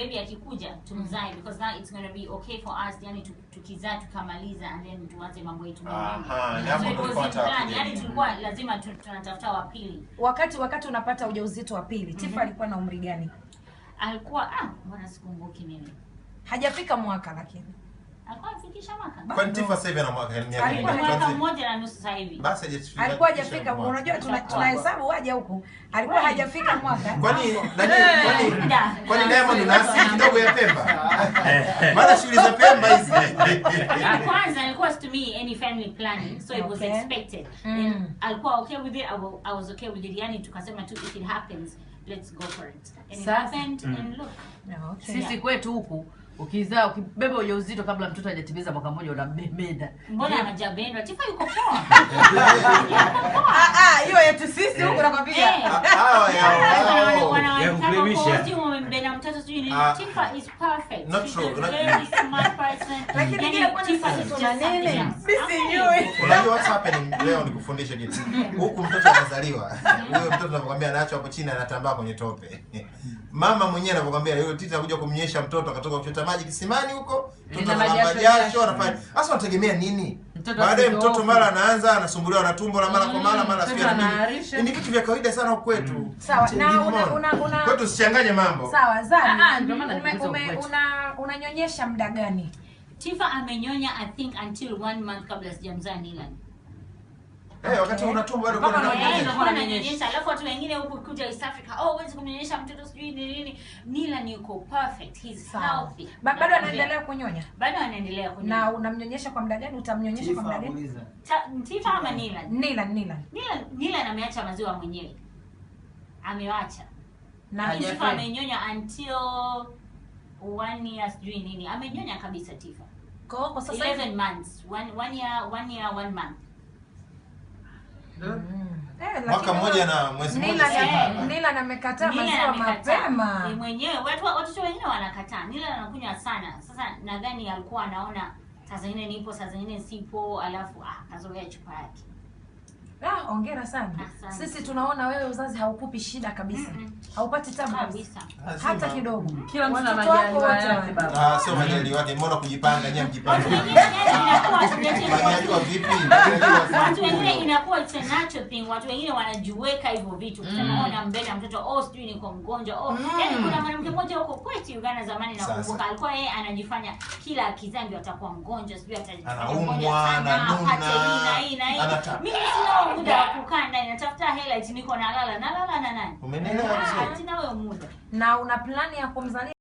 baby akikuja tumzae mm. because now it's going to be okay for us, yani tukizaa tukamaliza and then tuanze mambo yetu yani tulikuwa lazima tunatafuta wa pili. Wakati wakati unapata ujauzito wa pili, Tifa mhm. alikuwa na umri gani? Alikuwa ah, mbona sikumbuki mimi, hajafika mwaka lakini Alikuwa amefikisha mwaka. Kwani Tifa sasa tunahesabu waje huku. Alikuwa hajafika mwaka. kidogo ya shughuli za Ukizaa ukibeba uzito kabla mtoto hajatimiza mwaka mmoja unambebeda. Mbona Chifa yuko poa. Ah ah, hiyo yetu sisi huko eh. nakwambia. Eh. Ah, kwa watatu ah, sijui nini. Ah, Unajua what's happening leo nikufundishe kitu. Huku mtoto anazaliwa. Huyo mtoto anapokuambia anaachwa hapo chini anatambaa kwenye tope. Mama mwenyewe anapokuambia yule titi anakuja kumnyesha mtoto akatoka kuchota maji kisimani huko, mtoto Lina anafanya. Sasa unategemea nini? baada ya mtoto mara anaanza anasumbuliwa na tumbo la mara kwa mara mara sikia, ni vitu vya kawaida sana kwetu. Mm. Sawa na una, una, una, kwetu usichanganye mambo sawa zani, ah, ah, ndio maana ume una unanyonyesha muda gani? Tifa amenyonya I think until one month kabla sijamzaa Nilan. Eh, wakati eh, unatumba bado kuna ananyesha. Alafu watu wengine huku kuja East Africa, oh huwezi kumnyonyesha mtoto sijui ni nini. Milan yuko perfect, he's healthy. Bado anaendelea kunyonya. Bado anaendelea kunyonya. Na unamnyonyesha kwa muda gani? Utamnyonyesha kwa muda gani? Tifa ama Milan? Milan, Milan. Milan, Milan ameacha maziwa mwenyewe. Amewacha. Na Tifa amenyonya until one year sijui nini. Amenyonya kabisa Tifa. Kwa kwa sasa 11 months, one, one year, one year, one month. Mm. Eh, mwaka mmoja na mwezi mmoja si Nilan amekataa maziwa mapema. Ni mwenyewe watu watoto wengine wanakataa. Nila anakunywa sana. Sasa nadhani alikuwa anaona saa zingine nipo, saa zingine sipo, alafu ah, kazoea chupa yake. Ah, ongera sana. Asante. Sisi tunaona wewe uzazi haukupi shida kabisa. Mm hmm Haupati tabu kabisa. Ah, Hata kidogo. Kila mtu ana majaliwa yake baba. Ah, sio majali wake. Mbona kujipanga nyenye mjipange. watu wengine inakuwa it's a natural thing. Watu wengine wanajiweka hivyo vitu kusema mm. oh, na mbele mtoto, oh sijui niko mgonjwa oh. Mm. Yaani kuna mwanamke mmoja huko kwetu Uganda zamani nakumbuka, alikuwa yeye anajifanya kila akizaa ndio atakuwa mgonjwa, sijui ataumwa na na hii. Mimi sina muda wa kukaa ndani, natafuta hela, niko nalala nalala na nani? Umenielewa Sina ah, huyo muda. Na una plani ya kumzalisha